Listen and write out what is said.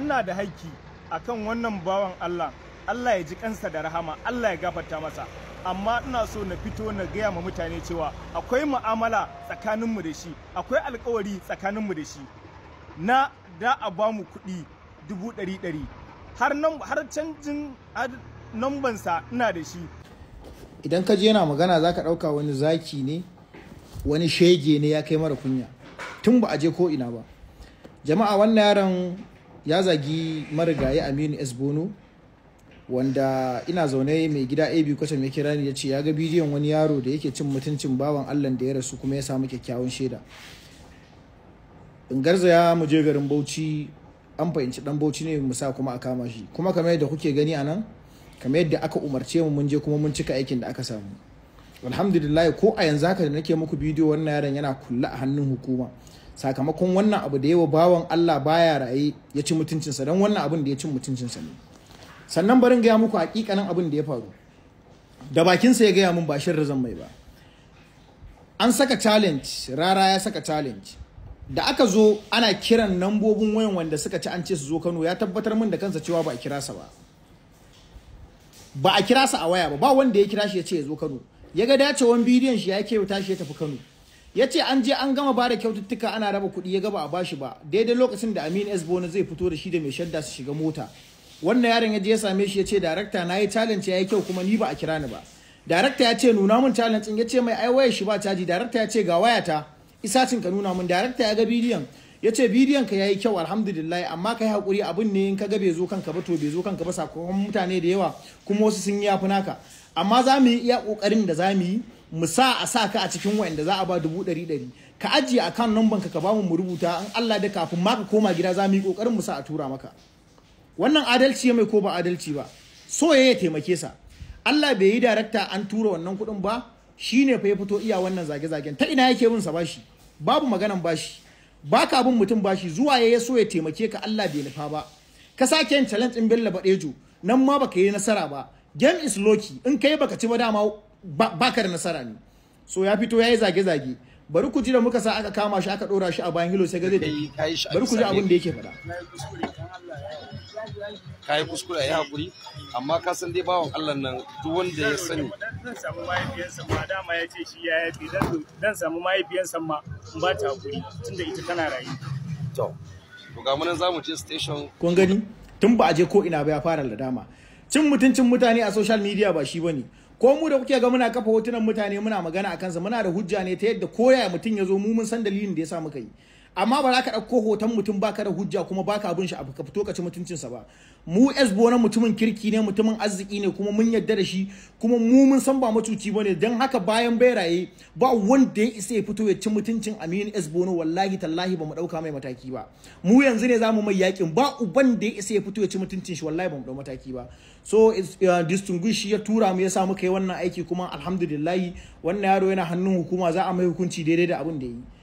ina da haiki akan wannan bawan Allah Allah ya ji kansa da rahama Allah ya gafata masa amma ina so na fito na gaya ma mutane cewa akwai ma'amala tsakaninmu da shi akwai alkawari tsakaninmu da shi na da a ba mu kuɗi dubu ɗari ɗari har nan har canjin nambansa ina da shi idan ka je yana magana za ka ɗauka wani zaki ne wani shege ne ya kai mara kunya tun ba a je ko ina ba jama'a wannan yaron ya zagi marigayi aminu esbono wanda ina zaune mai gida ab kwatan ya kira ni ya ce ya ga bidiyon wani yaro da yake cin mutuncin bawan allah da ya rasu kuma ya samu kyakkyawan shaida in garzaya mu je garin bauchi an fahimci dan bauchi ne mu sa kuma a kama shi kuma kamar yadda kuke gani a nan kamar yadda aka umarce mu mun je kuma mun cika aikin da aka samu alhamdulillah ko a yanzu haka da nake muku bidiyo wannan yaron yana kulla a hannun hukuma sakamakon wannan abu da yawa bawan Allah baya raye ya ci mutuncinsa don wannan abin da ya ci mutuncinsa ne sannan barin gaya muku hakikanin abin da ya faru da bakinsa ya gaya mun ba shin razan mai ba an saka challenge rara ya saka challenge da aka zo ana kiran nambobin wayan wanda suka ci an ce su zo Kano ya tabbatar min da kansa cewa ba a kira sa ba ba a kira sa a waya ba ba wanda ya kira shi ya ce ya zo Kano ya ga dacewan bidiyon shi ya ke tashi ya tafi Kano ya ce an je an gama bada kyaututtuka ana raba kuɗi ya gaba a bashi ba daidai lokacin da amin s bona zai fito da shi da mai shadda su shiga mota wannan yaron ya je ya same shi ya ce darakta na yi talent ya yi kyau kuma ni ba a kira ni ba darakta ya ce nuna mun talent ya ce mai ai wayar shi ba caji darakta ya ce ga wayata isacin ka nuna mun darakta ya ga bidiyon ya ce bidiyon ka ya yi kyau alhamdulillah amma ka yi hakuri abin ne in ka ga bai zo kanka ba to bai zo kanka ba sakamakon mutane da yawa kuma wasu sun yi yafi naka amma za mu yi iya kokarin da za mu yi mu sa a sa ka a cikin wayanda za a ba dubu ɗari ɗari ka ajiye akan numban ka ka bamu mu rubuta in Allah da kafin ma ka koma gida za mu yi ƙoƙarin mu sa a tura maka wannan adalci mai ko ba adalci ba so ya ya taimake sa Allah bai yi darakta an tura wannan kuɗin ba shi ne fa ya fito iya wannan zage-zagen ta ina yake bin sa bashi babu maganan bashi baka bin mutum bashi zuwa ya so ya taimake ka Allah bai nufa ba ka sake yin challenge ɗin Bello Badejo nan ma baka yi nasara ba game is lucky in kai baka ci ba dama baka da nasara ne so ya fito yayi zage-zage bari ku ji da muka sa aka kama shi aka dora shi a bayan hilo sai gaze da bari ku ji abin da yake faɗa yi kuskure ya hakuri amma ka san dai bawan Allah nan duk wanda ya sani zan samu mahaifiyan ma dama ya ce shi ya yafi dan samu mahaifiyansa ma ba ta hakuri tunda ita tana rayu to to ga munan zamu je station kun gani tun ba a je ko ina ba ya fara da dama cin mutuncin mutane a social media ba shi bane ko mu da kuke ga muna kafa hotunan mutane muna magana a kansa muna da hujja ne ta yadda koyaya mutum ya zo mu mun san dalilin da ya sa muka yi amma ba za ka ɗauko hoton mutum baka da hujja kuma baka abin shi a ka fito ka ci mutuncinsa ba mu esbo na mutumin kirki ne mutumin arziki ne kuma mun yarda da shi kuma mu mun san ba macuci ba ne don haka bayan bai raye ba wanda ya isa ya fito ya ci mutuncin aminu esbo na wallahi tallahi ba mu ɗauka mai mataki ba mu yanzu ne za mu mai yakin ba uban da ya isa ya fito ya ci mutuncin shi wallahi ba mu ɗau mataki ba so uh, distinguish ya tura mu ya sa muka yi wannan aiki kuma alhamdulillahi wannan yaro yana hannun hukuma za a mai hukunci daidai da abin da ya yi